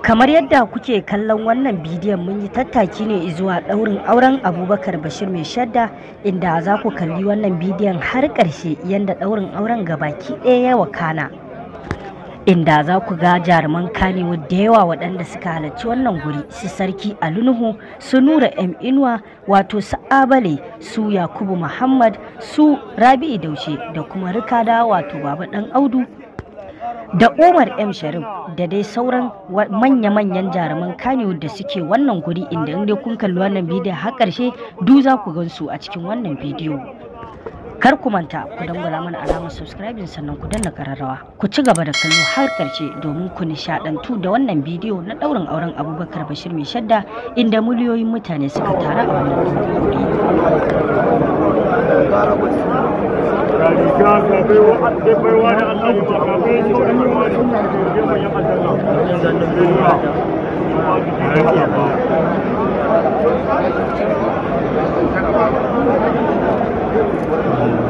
kamar yadda kuke kallon wannan bidiyon mun yi tattaki ne zuwa ɗaurin auren abubakar bashir mai shadda inda za ku kalli wannan bidiyon har ƙarshe yadda ɗaurin auren gabaki ɗaya ya wakana inda za ku ga jaruman kanewa da yawa waɗanda suka halarci wannan guri su sarki alunuhu su nura m inuwa wato su abale su yakubu muhammad su rabi'u daushe da kuma rikada wato baba ɗan audu da Umar M Sharif da dai sauran manya-manyan jaruman Kano da suke wannan guri inda in dai kun kalli wannan bidiyon har ƙarshe du za ku su a cikin wannan bidiyo. kar ku manta ku dangwala mana alamar subscribing sannan ku danna kararrawa ku ci gaba da kallo har karshe domin ku nishadantu da wannan bidiyo na daurin auren abubakar bashir mai shadda inda miliyoyin mutane suka tara a wannan Thank you. Thank you.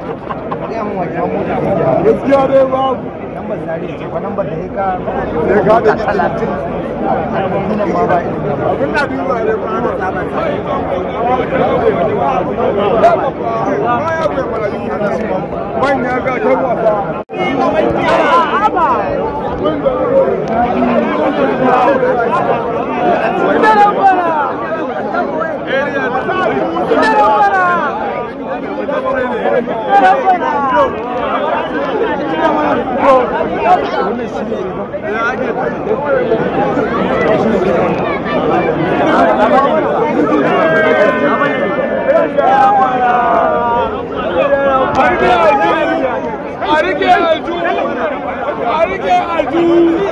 samun wannan mota gaskiya dai da ya ka da ma ba ina abin ga Arike Arju!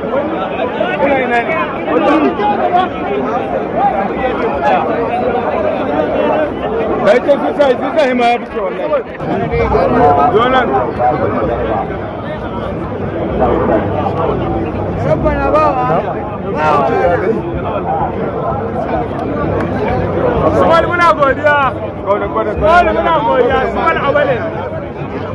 kuna ina godiya muna godiya sumar awalin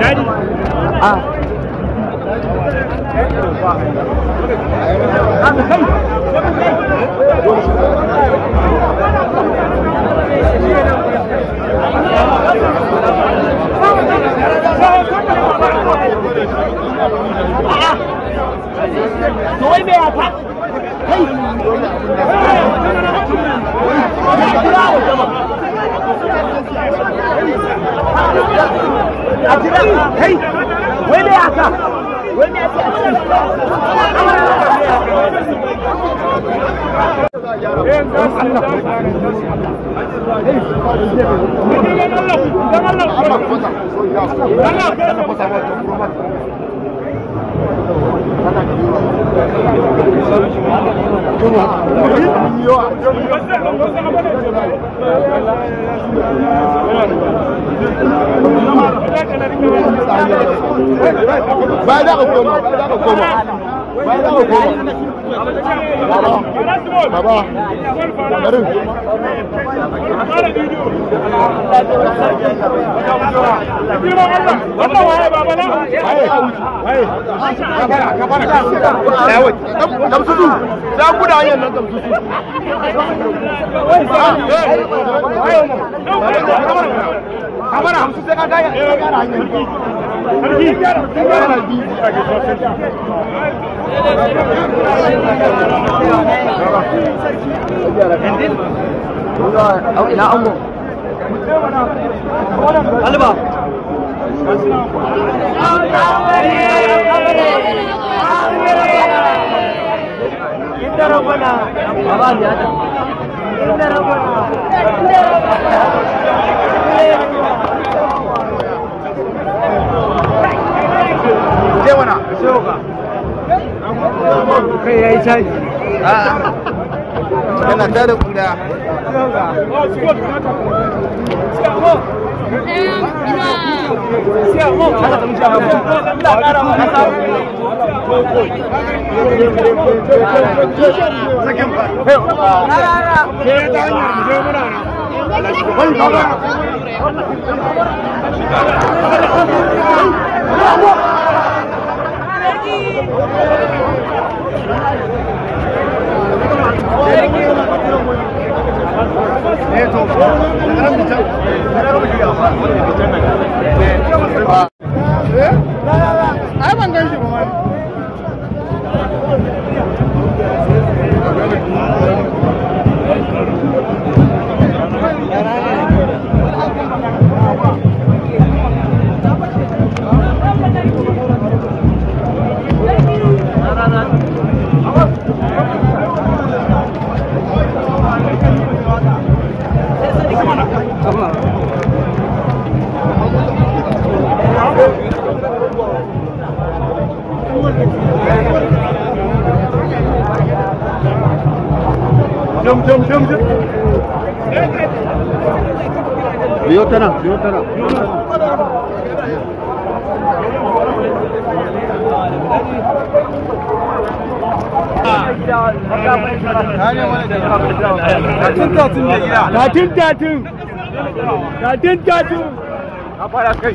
Daddy. Ah. Hey. Bayan da ka koma, bayan da baba garin kamar hamsin sai ka أو إلى أمه قلبه إن ربنا إن ربنا shayi yana ta da kuda biyo ta nan biyo ta nan da kai.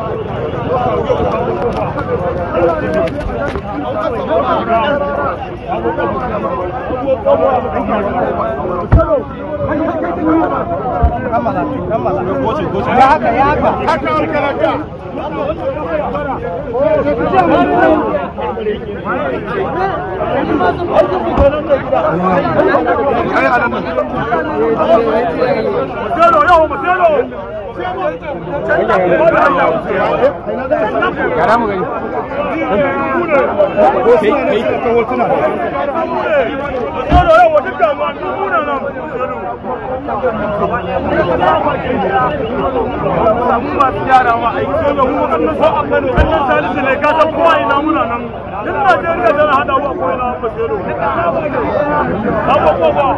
Ya haka, ya haka. Haka alkalaka. Duk Najeriya tana hada wa akwai na Fasero. Abubuwa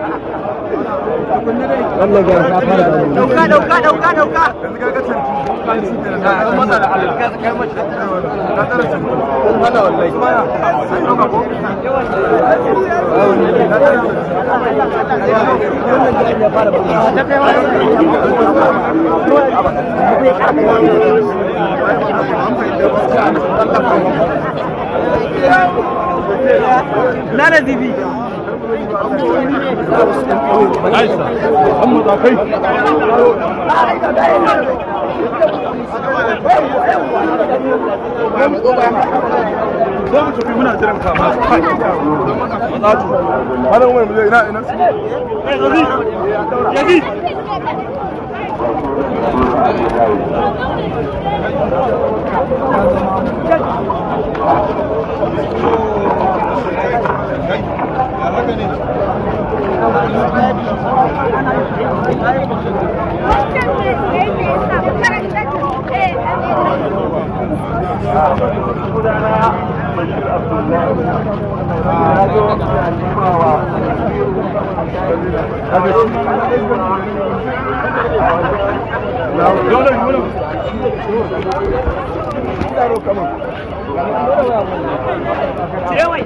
Allah ga ka fara dauka dauka dauka dauka yanzu ga ga canji kan su da da Allah kai Allah ya Nada de vida. za mu tafi muna jiran ka ba su hana wani mu zai ina ina yazi Thank you. Tira, ué!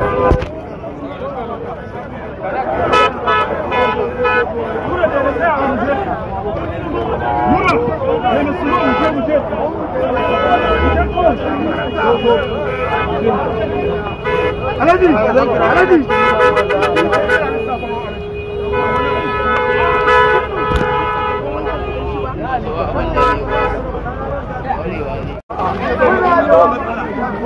على دي على دي Thank you.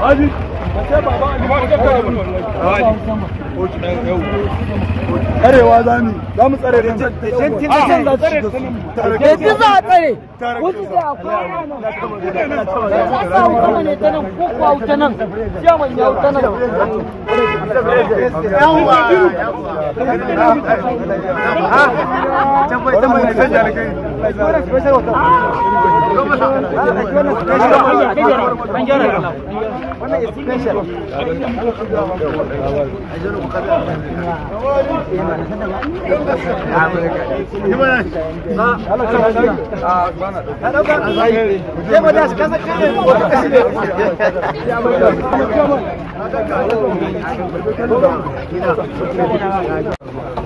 Haji Tsarewa za za mu tsare da za a tsare. akwai Za ne ta nan ko kuwa wuta nan. wuta nan. wannan is special Thank you.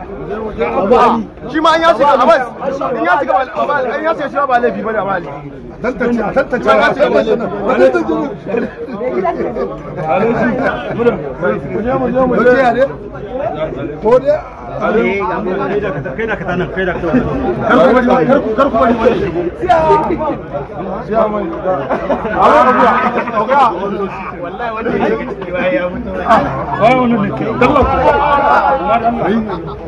shi ma an in an shi ba laifi bane abbas tantance tantance ba ba ya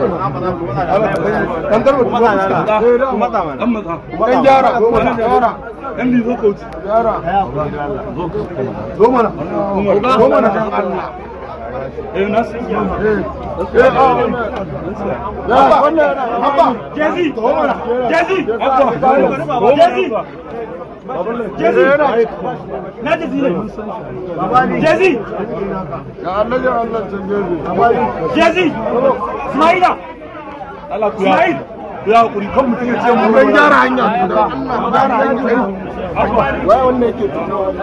dan tarba kuma na na kuma ta mana dan maza dan gyara dan gyara dan bi zo kauci gyara zo mana zo mana dan Allah Eh nas. Eh ah. Ya wannan abba. Jezi. Jezi. Abba. Jezi. na jezi ne jezi ga Allah ya Allah jezi kan mutum ya ce mu ban gyara wai wannan yake tuno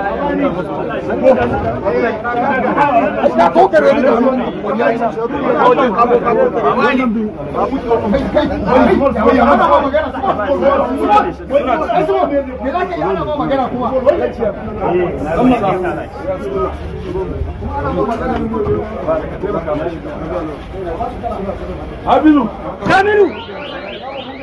ya kokare